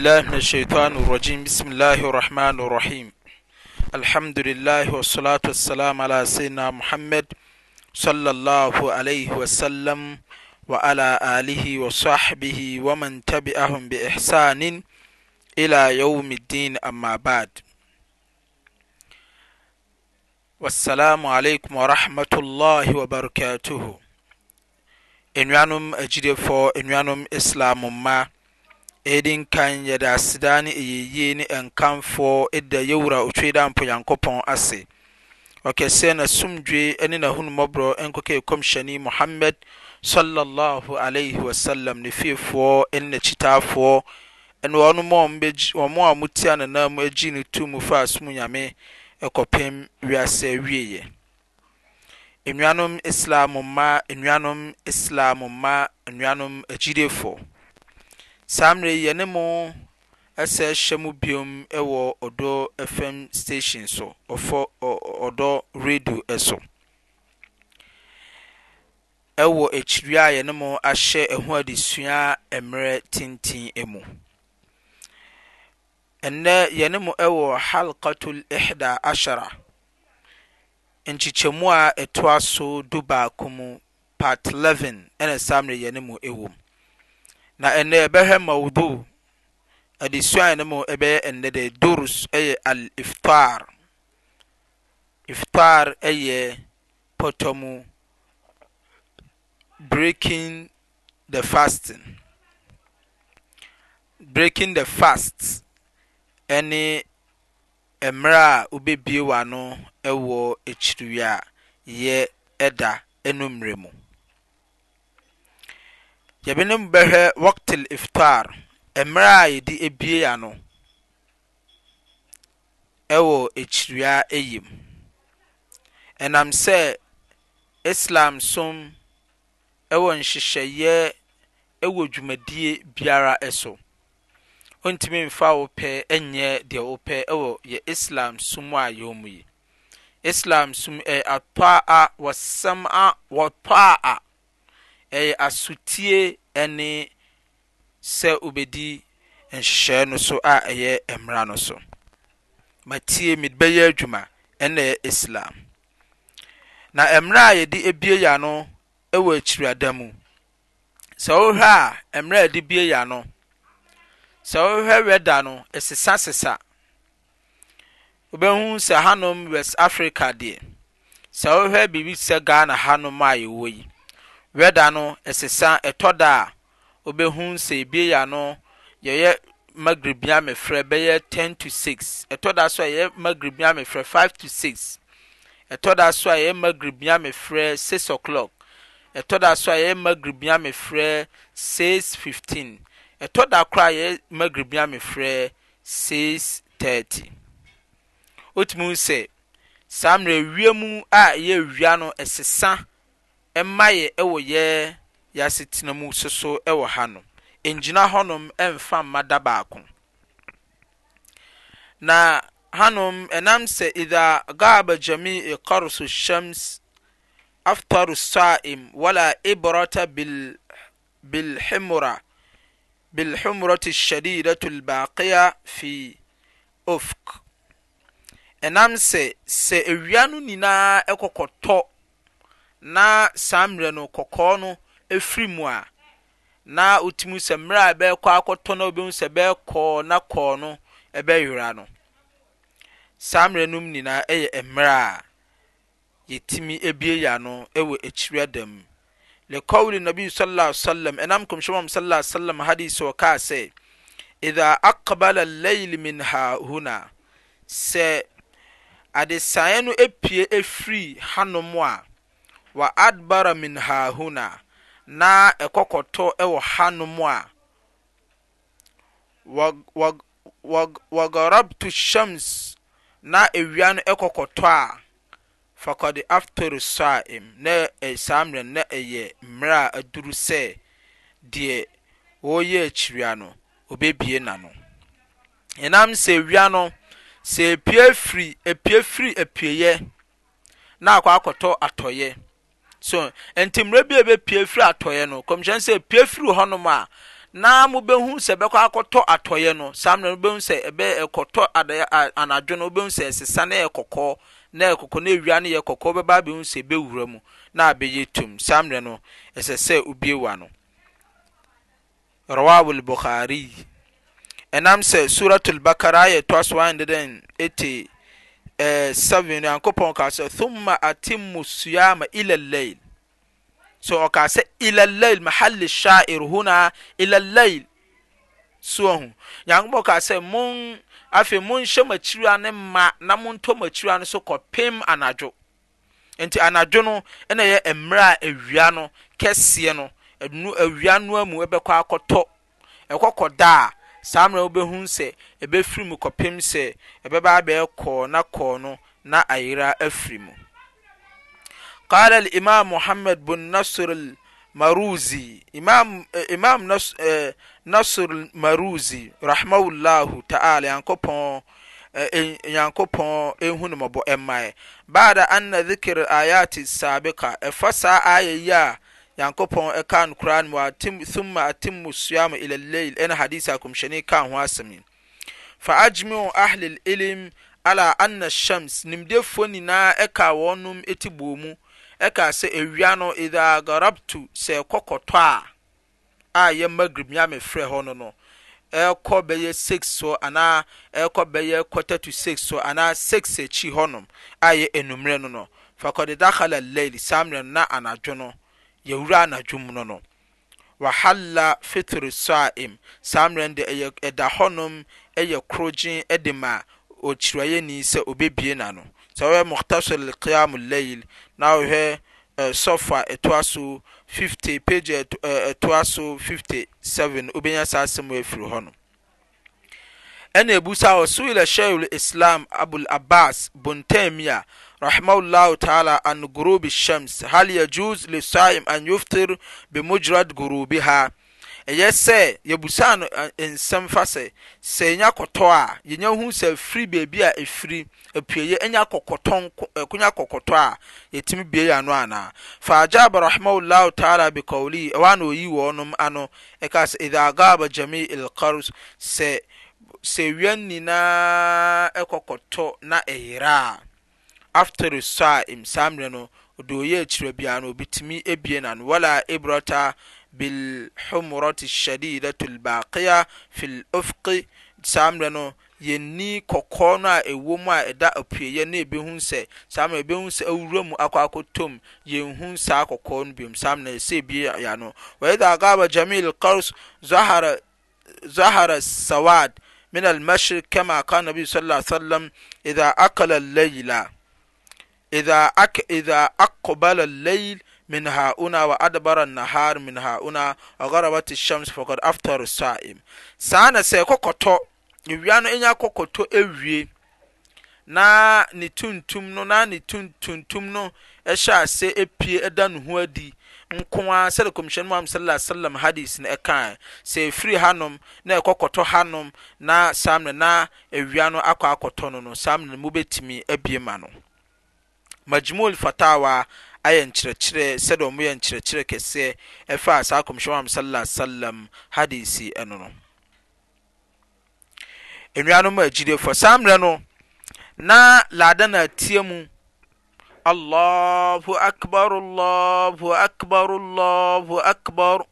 الله من الشيطان الرجيم بسم الله الرحمن الرحيم الحمد لله والصلاة والسلام على سيدنا محمد صلى الله عليه وسلم وعلى آله وصحبه ومن تبعهم بإحسان إلى يوم الدين أما بعد والسلام عليكم ورحمة الله وبركاته إنوانم أجري فو إنوانم إسلام ما edi nkan yɛde aseda ne ɛyɛyie ne nkamfoɔ da yawura otwe da mpo yankopon ase se na sumdwe ne n'ahonumɔborɔ ke komshani muhammad sallallahu alaihi wasallam ne fiefoɔ ne n'akyitaafoɔ mo wɔn a mo amuti anana mu eji ne tu mu fa asom nyame ɛkɔpem wiase awieɛ nnuanom islam ma nnuanom islam ma nnuanom ejidefo saa mmerɛ yi yɛne mo ɛsɛ hyɛ mu biom ɛwɔ ɔdɔ fm station so ɔfɔ ɔdɔ radio ɛso ɛwɔ akyiri a yɛne mo ahyɛ ɛho adesua mmerɛ tenten mu ɛnɛ yɛne mo ɛwɔ halkatul ihda ashara nkyekyɛmu a ɛtoa so dubaako mu part 11 ɛna samre mmerɛ yɛne mo ɛwɔ mu na ɛnnɛ ɛbɛhwɛ modo ade suaɛno mu ɛbɛyɛ ɛnnɛde dors ɛyɛ al iftar iftar ɛyɛ potomu breaking the fast ɛne merɛ a wobɛbiowa no ɛwɔ ɛkyiriwie a yɛ ɛda ɛnommirɛ mu yɛbine mu bɛhwɛ wokt l iftar ɛmerɛ a yɛde biea no ɛwɔ ɛkyiria yim ɛnam sɛ islam som ɛwɔ nhyehyɛyɛ ɛwɔ dwumadie biara ɛso wontimi mfa wo pɛ ɛnyɛ deɛ wo pɛ ɛwɔ yɛ islam som a yɛo mu yi islam som ɛ atɔa a wɔsɛm a wɔtɔa a ɛyɛ asutie ɛne sɛ obedi nhyehyɛe no so a ɛyɛ mmara no so matie me bɛyɛ adwuma ɛna ɛyɛ islam na mmerɛ a yɛde ebie ya no ɛwɔ akyiriada mu sɛ wohwɛ a mmerɛ a yɛde bie ya no sɛ wohwɛ weda no ɛsesa sesa wobɛhu sɛ hanom west africa deɛ sɛ wohwɛ biribi sɛ ghana hanom a yɛwɔ yi wɛda no ɛsesa ɛtɔ da a wobɛhu sɛ ebie ya no yɛyɛ magribia mɛfrɛ bɛyɛ ten to six ɛtɔ da so a yɛyɛ magribia mɛfrɛ five to six ɛtɔ da so a yɛyɛ magribia mɛfrɛ six o'clock ɛtɔ da so a yɛyɛ magribia mɛfrɛ six fifteen ɛtɔ da koro a yɛyɛ magribia mɛfrɛ six thirty wotumi sɛ saa mmerɛ wiem a ɛyɛ wia no ɛsesa. ɛmma yɛ ɛwɔ yɛ yɛasetenamu so so ɛwɔ ha no ɛngyina hɔnom mfamma da baako naanɛna sɛ idha gaba jamie karsu shams aftaro saim wala ibrata bilhumurate lshadidato lbakiia fi ofk ɛnas sɛ awia no nnyinaa ɛkɔkɔtɔ na saa mmerɛ no kɔkɔɔ no firi mu a na wɔtim sɛ mmerɛ a bɛɛkɔ akɔtɔna obimu sɛ bɛɛkɔɔ nakɔɔ nobɛwra no saa mmerɛ nomnyinaa yɛ mmerɛ a yɛtimibi ya nowɔ kyiradamu lekaule nabi sm ɛnamkɔhɛsm hadesɔkasɛ itha akbala laile min hhuna sɛ adesaeɛ no pefiran wa adbara min hahuna na ɛkɔkɔtɔ ɛwɔ hanom a wagarabtu shams na ewia no ɛkɔkɔtɔ a fakɔde after sa'im na saa mmerɛ na ɛyɛ mmerɛ a aduru sɛ deɛ wɔreyɛ akyiria no obebie n'ano ɛnam sɛ ewia no sɛ epie firi epie firi epieyɛ na akɔ akɔtɔ atɔyɛ so nti bi a ɛbɛpie firi atɔeɛ no kɔmhyɛn sɛ pie firi hɔnom a na mobɛhu sɛ ɛbɛkɔ akɔtɔ atɔeɛ no saa mmerɛ mobɛhu sɛ ɛbɛ ɛkɔtɔ anadwo no wobɛhu sɛ ɛsesa na ɛyɛ kɔkɔɔ na ɛyɛ kɔkɔɔ na ewia no yɛ kɔkɔɔ bɛba abɛhu sɛ ɛbɛwura mu na abɛyɛ tum saa mmerɛ no ɛsɛ sɛ obie wa no rawawul bukhari ɛnam sɛ suratul bakara yɛ tɔ so 180 7nyankopɔ eh, a sɛ thumma atimmu suama ilalaile so ɔka sɛ ilalaile mahale shair hona ilalaile suahu nyankopɔ ka sɛ fei mohyɛmakyiria ne ma na motɔ makyiriwa no so kɔpem anadwo nti anadwo no ɛnayɛ mmerɛ a awia no kɛsiɛ no awa no amu bɛkɔ akɔtɔ ɛkɔ kɔ daa saa mena wubɛhu sɛ ɛbɛfiri mu kɔpem sɛ ɛbɛ ba bɛɛ kɔɔ na kɔɔ no na ayera afiri mu kal limam mohamad bun nase marozimam eh, naser eh, marozzi rahimahullahu taala kpɔnyankopɔn ɛhu eh, ne mɔbɔ ɛmmaɛ bada anna dhikira ayati sabika ɛfa saa ayɛ yi a nyankopɔn ɛka no koraa no mu atim thumma atimmu siyam ila lail ɛna hadisi akɔmhyɛne ka ho asɛm yi fa ajmiu ahli ilim ala anna shams nimdefoɔ nyinaa ɛka wɔnom ɛti bɔ mu ɛka sɛ ewia no idha garabtu sɛ ɛkɔkɔtɔ a a yɛ magrib nyame frɛ hɔ no no ɛkɔ bɛyɛ six so anaa ɛkɔ bɛyɛ quarter to six so anaa six akyi hɔnom a yɛ enumere no no fakɔde dakhala lail saa mmerɛ no na anadwo no yɛwura nadwom no no wahala fitr saim saa mmerɛ n de ɛda hɔnom ɛyɛ koro gyen de ma ɔkyirewaeɛni sɛ obɛbie na no sɛ wowɛ muhtasar lqiam laile na wɔhwɛ sufa ɛtoa so 50 paga ɛtoa so 507 wobɛnya saa sɛm o afiri hɔ no ɛna ebusa wɔ suwila shayul islam abul abbas bontemia rahimahullah ta'ala an gurubi shams hal yajuz li sa'im an yuftir bi mujrad gurubiha ɛyɛ sɛ yɛbusa no nsɛm fa sɛ sɛ ɛnya kɔtɔ a yɛnya hu sɛ firi beebi a ɛfiri apueyɛ ɛnya kɔkɔtɔ ɛkonya kɔkɔtɔ a yɛtumi bie yɛ ano anaa faagya aba rahimahullah ta'ala bi kawli ɛwɔ ana oyi wɔnom ano ɛka sɛ idha gaba jami ilkarus sɛ sɛ ni nyinaa ɛkɔkɔtɔ na ɛyera a after the a saa mmerɛ no ɔde ɔyɛ akyirɛ bia no obitumi ebie na no wala ibrata bil humurati shadidatu albaqiya fil ufqi saa mmerɛ no yɛni kɔkɔɔ no a ɛwɔ mu a ɛda apueyɛ na ebihu sɛ saa mmerɛ ebihu sɛ awura mu akɔ akɔtɔm yɛnhu saa kɔkɔɔ no biom saa mmerɛ sɛ ebie ya no wɔyɛ dɛ agaba jamil kars zahara zahara sawad scnabis sm ihalailaitha akbala alail min hahuna waadbar nahar min hauna garabat shams forgod after saim saa na sɛ ɛkɔkɔtɔ ɛwia no ɛnya kɔkɔtɔ awie na ne tuntum no na ne tuntum no hyɛa se pue da nehoadi nko ara sɛde kɔmhyɛn mu sallallahu alaihi wasallam hadis na ɛkan sɛ ɛfiri hanom na ɛkɔ kɔtɔ hanom na sam na na awia no akɔ akɔtɔ no no sam na mu bɛtumi abie ma no majmul fatawa ayɛ nkyerɛkyerɛ sɛde ɔmo yɛ nkyerɛkyerɛ kɛseɛ ɛfa saa kɔmhyɛn mu sallallahu alaihi wasallam hadis ɛno no nnuanom agyidefo saa mmerɛ no na laada na atia mu الله أكبر الله أكبر الله أكبر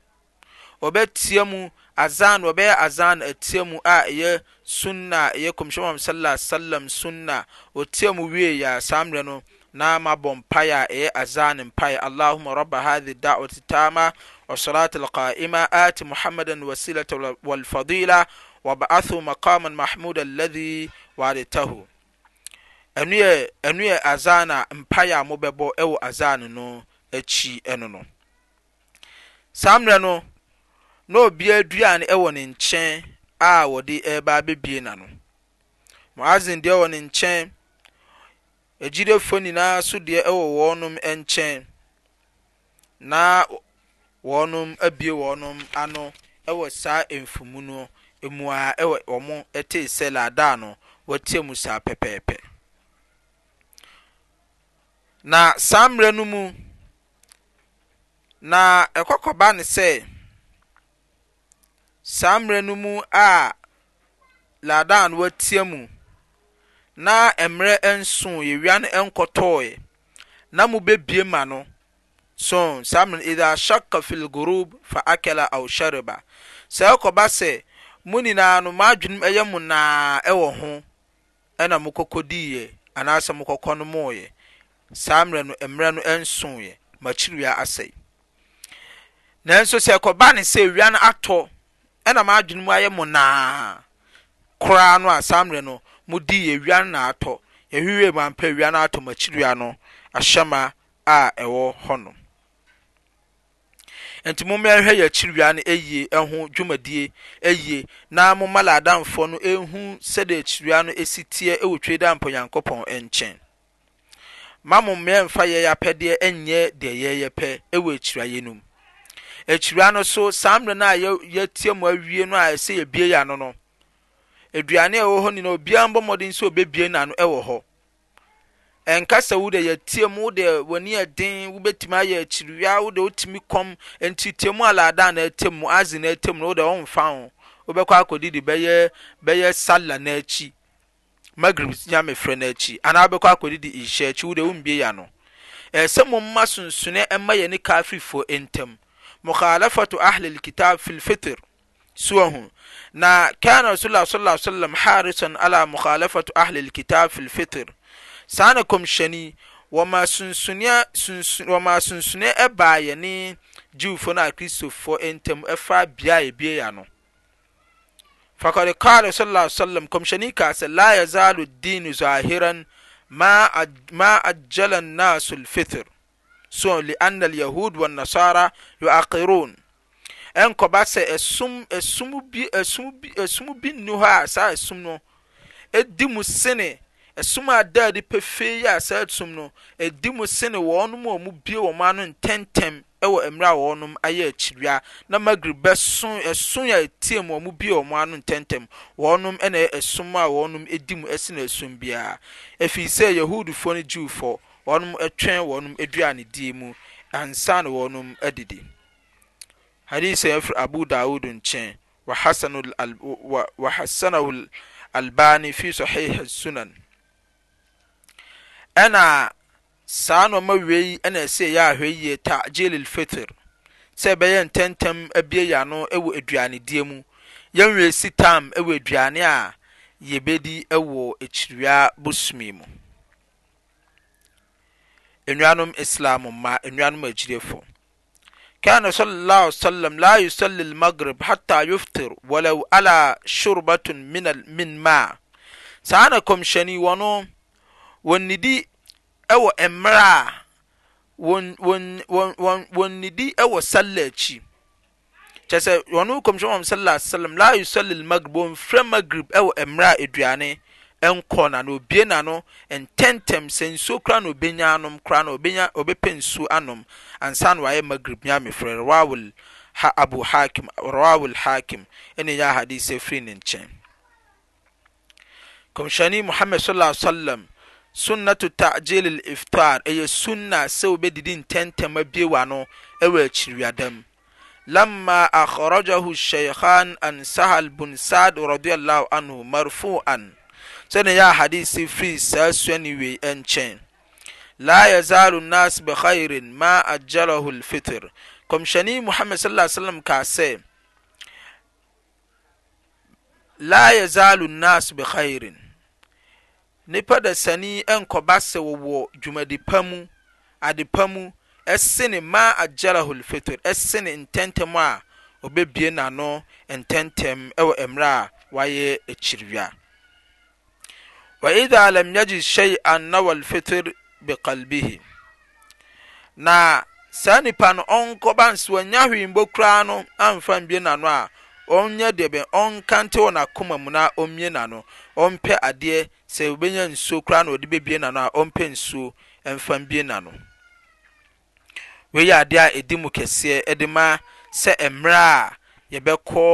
وبتسيم أزان وبيع أزان تسيم آية سنة يكم شو محمد صلى الله عليه وسلم سنة وتسيم ويا يا سامرنا نام بوم بيا إيه أذان بيا اللهم رب هذه الدعوة التامة والصلاة القائمة آت محمد وسيلة والفضيلة وبعثوا مقام محمود الذي وعدته ɛno yɛ ɛno yɛ azan a mpaeɛ a mobɛbɔ ɛwɔ azan no akyi ɛno no saa mmerɛ no na obiara dua no ɛwɔ ne nkyɛn a wɔde ɛreba abɛbie n'ano muazin deɛ wɔ ne nkyɛn agyidefoɔ nyinaa so deɛ ɛwɔ wɔnom nkyɛn na wɔnom abie wɔnom ano ɛwɔ saa mfumu no mu a ɛwɔ wɔn tee sɛ ladaa no wɔte mu saa pɛpɛɛpɛ. na saa mmerɛ no mu na ɛkɔkɔba ne sɛ saa mmerɛ no mu a ladan no watia mu na mmerɛ nso yɛwia no nkɔtɔɔɛ na mo bebie ma no so saa mmerɛ idha shakka fil gurub fa akala aw shariba saa ɛkɔba sɛ mo nyinaa no mo adwenem ɛyɛ mo naa ɛwɔ ho ɛna mo kɔkɔdiiɛ anaasɛ mo kɔkɔ no moɔyɛ saa mmerɛ no mmerɛ no nsoeɛ makyiriwia asɛe nanso sɛ ɛkɔba ne sɛ ewia no atɔ ɛna m'adwene mu ayɛ mo naa koraa no a saa mmerɛ no mo di ewia no na atɔ ewiwie mu ampa ewia no atɔ makyiriwia no ahyɛma a ɛwɔ hɔnom nti mo mmea hwɛ yɛ akyiriwia no ayie ɛho dwumadie ayie na mo mma laadamfoɔ no ehu sɛdeɛ akyiriwia no esi teɛ ɛwɔ twɛ da mpɔnyankopɔn nkyɛn ma mmom yɛmfa yɛyɛ apɛdeɛ nyɛ deɛ yɛyɛ pɛ wɔ akyiraeɛ no mu akyira no so saa mmerɛ no a tie mu awie no a ɛsɛ yɛbie yɛ ano no aduane a ɛwɔ hɔ nyinaa obiara mbɔ mmɔden sɛ obɛbie n'ano ɛwɔ hɔ ɛnkasa wo de tie mu wo de w'ani ɛden wobɛtumi ayɛ akyiriwia wo de wotumi kɔm nti tie mu alaada na ɛte mu aze na ɛtem no wo de ɔmfa ho wobɛkɔ akɔdidi bɛyɛ bɛyɛ sala n'akyi magrib yame frɛ no akyi anaa wbɛkɔ akdede sya akyi wodewbi ya nosɛ mu mma sunsoneɛ ɛma yɛne kafrifɔ ntam mualafato ahlelkitab fi lfitir shna cana rsulaslsalam haresan ala mualafato ahle lkitab fi lfitir saa na kmsyɛni ɔma sunsune ɛba yɛne jiwfɔ no a kristof ntm ɛfabab yn fa kre kaale sla la w salam kcɔmshɛnikaa sɛ la yazalu ddin zahiran ma ajala nnas alfitir so leanna alyahod w anasara yoakeroun ɛnkɔbasɛ som binnuho a saaasum no di mo sene ɛsom adaade pefeia sasom no adi mo sene wɔɔ no m wa mu bio wɔ m ano ntɛmtɛm wɔ mmerɛ a wɔnom ayɛ akyiriwa na magrib bɛso ɛso a ɛtie mu ɔmo bi ɔmo ano ntɛntɛm wɔnom ɛna ɛsom a wɔnom edi mu ɛsi na ɛsom biara efiri sɛ yahudifoɔ ne jiwfoɔ wɔnom ɛtwɛn wɔnom aduane die mu ansa wɔnom ɛdidi hadisi ɛfiri abu daawud nkyɛn wa hasanu al wa hasanu fi sahih sunan ɛna. saa nneɛma wei na ɛsɛ yɛ ahwɛ yie ta'jil fitr sɛ ɛbɛyɛ ntɛntɛm abie yɛ ano wɔ aduanedie mu yɛn wei si tam wɔ aduane a yɛbɛdi wɔ akyiria bosome mu nnuanom islam ma nnuanom agyirefo كان صلى الله عليه وسلم لا يصلي المغرب حتى يفطر ولو على شربة من من ماء سانا كم شني ونو وندي ɛwɔ ɛmmerɛ a wɔn nedi ɛwɔ salla akyi kyɛɛ sɛ wɔn komsyan m s slm la uslil magrib wɔnfrɛ magrib ɛwɔ mmerɛ a aduane nkɔ nano obienano ntɛntɛm sɛnsuoo kora na ɔbenya anom kora nɔbɛpɛ nsuo anom ansana wayɛ magrib myame frɛ bmrawaho al hakem neya hadissɛ frine nkɛ kynemuamed sm sunnatu tagil liftar yɛ suna sɛo bɛdidintɛntama iwa nowkiriwadam lma rajaho shian ansahal bunsad r marfuan sɛneyahadi fri saasuaneeinkyɛn la yza nas beairin maalaho lfitir ksyɛnimuhamad s lmkaeari nipa dasani nkɔba sɛ wɔwɔ dwumadi pa mu ade pa mu ɛsene ma agyalahol fitor ɛsene ntɛntɛm a ɔbɛbie n'ano ntɛntɛm ɛwɔ mmerɛ a wayɛ akyiriwia وإذا لم يجد شيئا نوى الفطر بقلبه na saa nipa no ɔnkɔba nso ɔnya hwee mbɔ koraa no amfa mbie n'ano a ɔnyɛ deɛ bɛn ɔnkante wɔ n'akoma mu na ɔmmie n'ano ɔmpɛ adeɛ sɛ obɛnya nsuo koraa na ɔde bɛbie n'ano a ɔmpɛ nsuo mfa mbie n'ano wei yɛ adeɛ a ɛdi mu kɛseɛ de ma sɛ mmerɛ a yɛbɛkɔ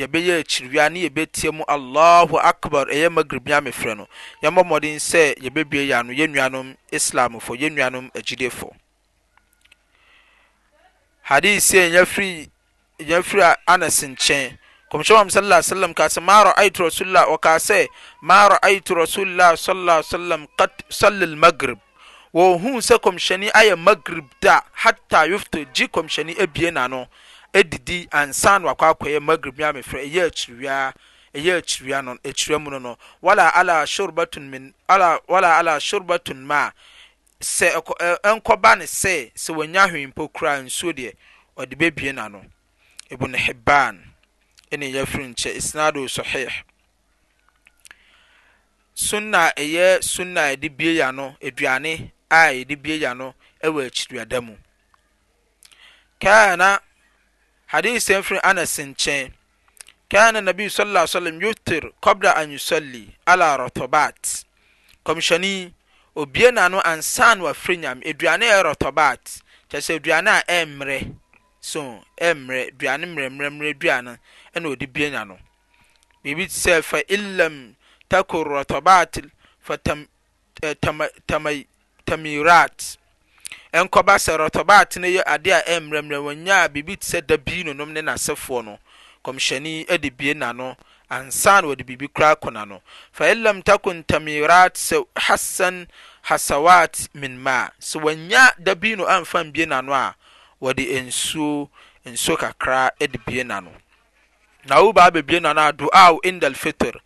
yɛbɛyɛ akyiriwia ne yɛbɛtie mu allahu akbar ɛyɛ magribia mefrɛ no yɛmmɔ mmɔden sɛ yɛbɛbie yɛ ano yɛnnuanom islamfo yɛnnuanom agyidefo hadise yɛfiri yɛfiri anas nkyɛn kɔmhyɛn am s slm ka sɛ ma raito rasullah ɔka sɛ ma raito rasullah sslm at sle l magrib wɔhu sɛ kɔmhyɛne ayɛ magrib da hata uft gye kɔmhyɛnne abie na no didi ansan akɔakɔɛ magrib namefrɛ ɛykyiryɛkyiriwiaakyiria mu no no wala ala shorbaton ma sɛ nkɔ ba ne sɛ sɛ wɔanya hweimpo kora nsuo deɛ ɔde bɛbie nano ibn bban ɛne yɛfiri nkyɛ isnado sahih sunna ɛyɛ sunna a yɛde bie ya no aduane a yɛde bie ya no ɛwɔ akyiduada mu kaana hadis mfiri anas nkyɛn kaana nabi sallallahu alaihi wasallam yutir qabla an yusalli ala rotobat kɔmhyɛni obie n'ano ansan wafiri nyame aduane a ɛyɛ rotobat kyerɛ sɛ aduane a ɛmmerɛ so ɛmmerɛ aduane mmerɛmmerɛmmerɛ aduane ɛna ɔde bie nya no biribi te sɛ fa ilam takor rɔtɔbaatil fa tam tam tam tamirat nkɔba sɛ rɔtɔbaat no yɛ adeɛ a ɛmmerɛmmerɛ wɔnyaa biribi te sɛ dabii nonom ne n'asɛfoɔ no kɔmhyɛni de bie n'ano ansa na wɔde biribi kora kɔ n'ano fa ilam takon tamirat sɛ hasan hasawat min ma sɛ wɔnya dabii no amfa mbie n'ano a wɔde nsuo nsuo kakra de bie n'ano na wo baa bebie na na du'a indal fitr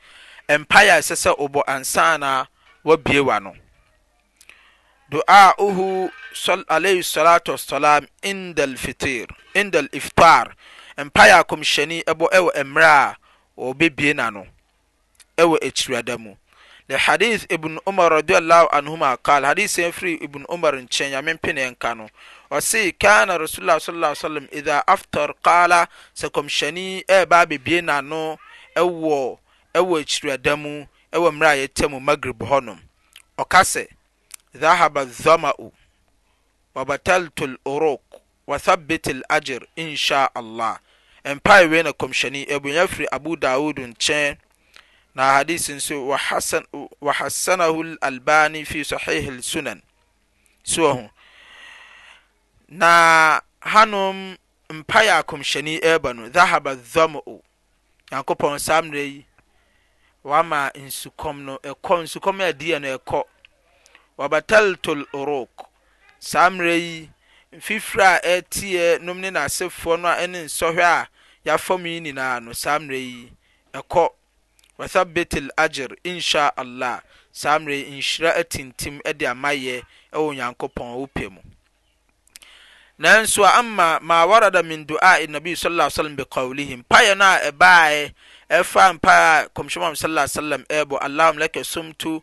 mpaya a ɛsɛ sɛ wobɔ ansa na wabie wa no du'a uhu alayhi salatu wassalam indal fitr indal iftar mpaya a kɔmhyɛni ɛbɔ ɛwɔ mmerɛ a wɔbɛbie na no ɛwɔ akyirada mu le hadith ibn umar radiyallahu anhuma kal hadith yɛn firi ibn umar nkyɛn nyame mpene nka ɔse kana rasulullah sallallahu alaihi wasallam idha aftar qala sɛ kɔmhyɛni ɛɛba abebie n'ano ɛwɔ ɛwɔ akyiriada mu ɛwɔ mmerɛ a yɛtɛ mu magrib hɔnom ɔka sɛ dhahaba dhama'u wabataltu al-uruq wathabbit al-ajr insha Allah mpae wei na kɔmhyɛni ɛbunya firi abu daud nkyɛn na hadisi nso wahassanahu al-albani fi sahih al-sunan so ho na hanom mpaeɛ a kɔmhyɛni ɛreba no dhahaba dham'o nyankopɔn saa mmerɛ yi wama nsukɔm no ɛkɔ nsukɔm a diɛ no ɛkɔ wabataltol uruk saa mmerɛ yi mfifiri a ɛteɛ nom ne n'asefoɔ no a ɛne nsɔhwɛ a yɛafam yi nyinaa no saa mmerɛ yi ɛkɔ wathabit agyer insha allah saa mmerɛ yi nhyira atintim de amayɛ ɛwɔ nyankopɔn wo pɛ mu nanso ama ma warada min doa nabi saalam becaulihi mpaɛ no a ɛbaɛ fa pakmswom sm am smt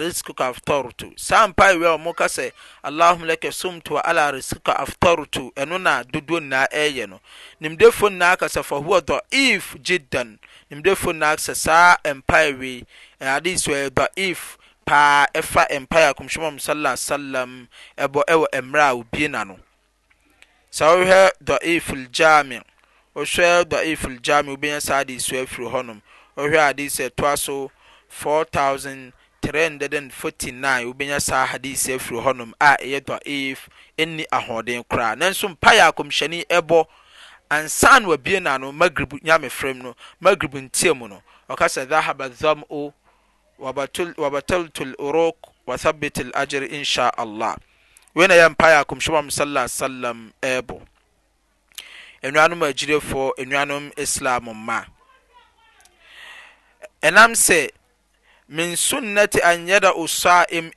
riskic aftarto saa mpaweɔmkasɛ alhm smt rskika aftarto ɛno naddɔnnaa yɛ no nimdfonnakasɛfa hoa doif giddan nmdfnnssaa mpawadesi paa fa passmɔ merɛbnano sɛ wo hwɛ daif lgermi wo suɛ daif l jermi wobenya saa hadisɛ afiri hɔnom o hwɛ hadesi atoa so 4349 wobenyasaa hadisi afiri hɔnom a ɛyɛ daif nni ahoden koraa nanso mpayɛ akɔmhyɛni ɛbɔ ansane wabiena no magrib nyame frɛm no magrib ntie mu no ɔka sɛ dhehaba dhɔm o wɔbataleto lurok wathabit alager inshaallah wn yɛ paya komcmm s m ɛbnsmɛnam s mn sunati anyada saim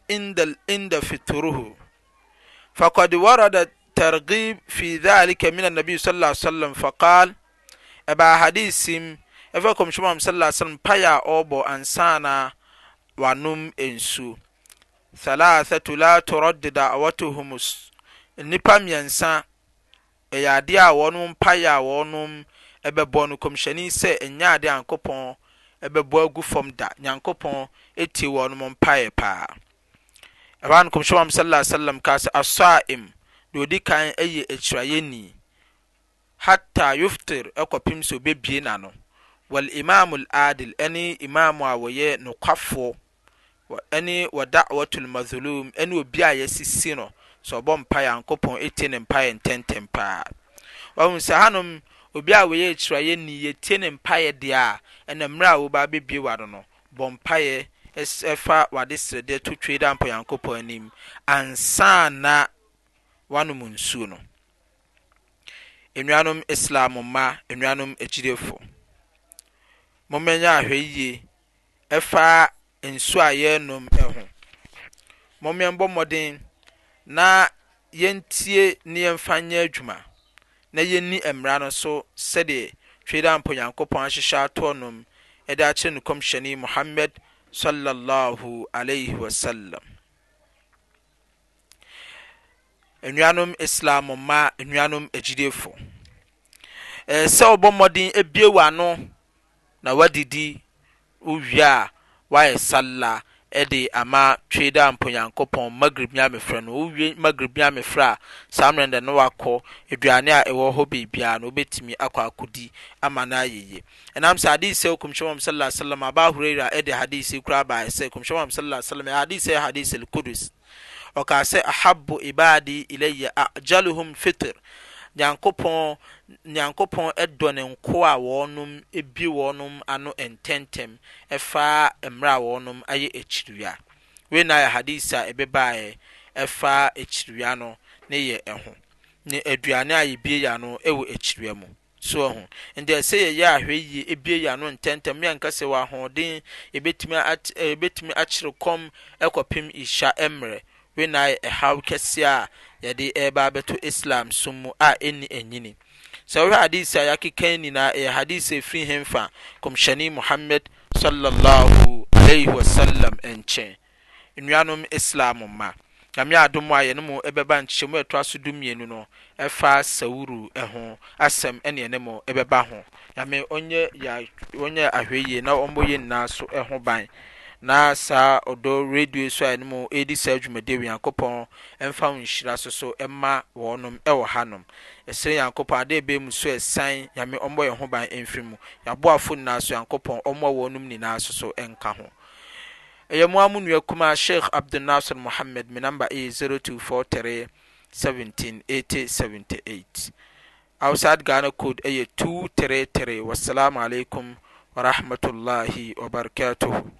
inda fitruhu fakd warada tarib fi dhalika min anabi sىوlm faal ɛba hadisim fa komsmam وlm paya ɔɔbɔ ansana wanom ensu thalathatu la turaddu da'watuhum nnipa mmiɛnsa ɛyɛ adeɛ a wɔn mpaeɛ a wɔn ɛbɛbɔ no kɔmhyɛni sɛ ɛnyɛ adeɛ ebe nkopɔn ɛbɛbɔ agu fam da nyankopɔn ɛtie wɔn mpaeɛ paa ɛhɔ a nkɔmhyɛ wɔn sallallahu alaihi wasallam kaa sɛ asa'im deɛ odi kan ɛyɛ akyirayɛni hatta yuftir ɛkɔpem sɛ obebie n'ano wal imamul adil ɛne imamu a wɔyɛ nokwafoɔ ɛne wɔda'watul mazlum ɛne obi a yɛsisi no sɛ ɔbɔ mpaeɛ ankopɔn ɛtie ne mpaeɛ ntɛntɛm paa ɔhu sɛ hanom obi a wɔyɛ akyirayɛni yɛtie ne mpaeɛ deɛ a ɛna mmerɛ a wɔba bɛbie ware no bɔ yɛ ɛfa wade srɛdeɛ to twe da mpa nyankopɔn anim ansana na wanom nsuo no nnuanom islam mma, nnuanom agyidefo mommɛnyɛ ahwɛ yie ɛfa mɔmmɛnbɔ mmɔden na yɛntie ne yɛmfa nnyɛ adwuma na yɛnni mmara no so sɛdeɛ twe dɛ ampɔ nyankopɔn ahyehyɛ atoɔ nom ɔde akyerɛ nekɔmhyɛni mohammad swsmsɛ ɔbɔ mmɔdenb nonawdidi wayɛ salela ɛde ama twei da a mponyankopɔn magrib nyame frɛ no wowie magrib nyame frɛ a saa merɛndɛ ne wakɔ aduane a ɛwɔ hɔ biibiaa na wobɛtumi akɔ akodi ama no ayɛye ɛnam sɛ hadis sɛ kɔmhyɛmam salaa salam aba huraira ɛde hadisi koraa baɛ sɛ komhyɛmam saela salm hadis sɛ ɛ hadis al kudus ɔkaa sɛ ahabu ibadi elaha aggyalehum fitir nyankopɔn nyankopɔn ɛdɔ ne nko a wɔnom ebi wɔnom ano ntɛntɛm ɛfa mmerɛ a wɔnom ayɛ akyiria wei na yɛ hadis a ɛbɛbaeɛ ɛfa akyiria no ne yɛ ɛho ne aduane a yɛbie ya no ɛwɔ akyiriwia mu so ɛho nti ɛsɛ yɛyɛ ahwɛ yie ebie ya ano ntɛntɛm yɛn nkasa wɔ ahoɔden ebetumi at ebetumi akyerɛ kɔm ɛkɔpem ihyia ɛmmerɛ wei na yɛ ɛhaw kɛseɛ a yɛde ɛreba abɛto islam so mu a ɛnni anyini sɛ wohwɛ hadis a yɛakeka nyinaa ɛyɛ hadis a ɛfiri hemfa kɔmhyɛne muhammad sallallahu alaihi wasallam nkyɛn nnuanom islam ma nyame adom a yɛne mu ɛbɛba nkyɛmu ɛtoa so dumienu no ɛfa sawuru ɛho asɛm ɛne ɛne mu ɛbɛba ho nyame ɔnyɛ ahwɛ yie na ɔmmɔ yɛ nyinaa so ɛho ban na saa ɔdɔ radio so a ɛnum ɛdi saa dwumadie nyankopɔn ɛmfa nhyira so so ɛma wɔnom ɛwɔ hanom ɛsrɛ nyankopɔn ade ebe mu so ɛsan nyame ɔmo yɛn ho ban ɛmfiri mu yaboafo nyinaa so nyankopɔn ɔmmɔ wɔnom nyinaa so so ɛnka ho ɛyɛ mu amu nua kuma sheikh abdulnasir muhammed mi namba e zero two four three seventeen eighty seventy eight outside ghana code ɛyɛ two three three wasalaamu alaikum wa rahmatulahi wa barakatuhu.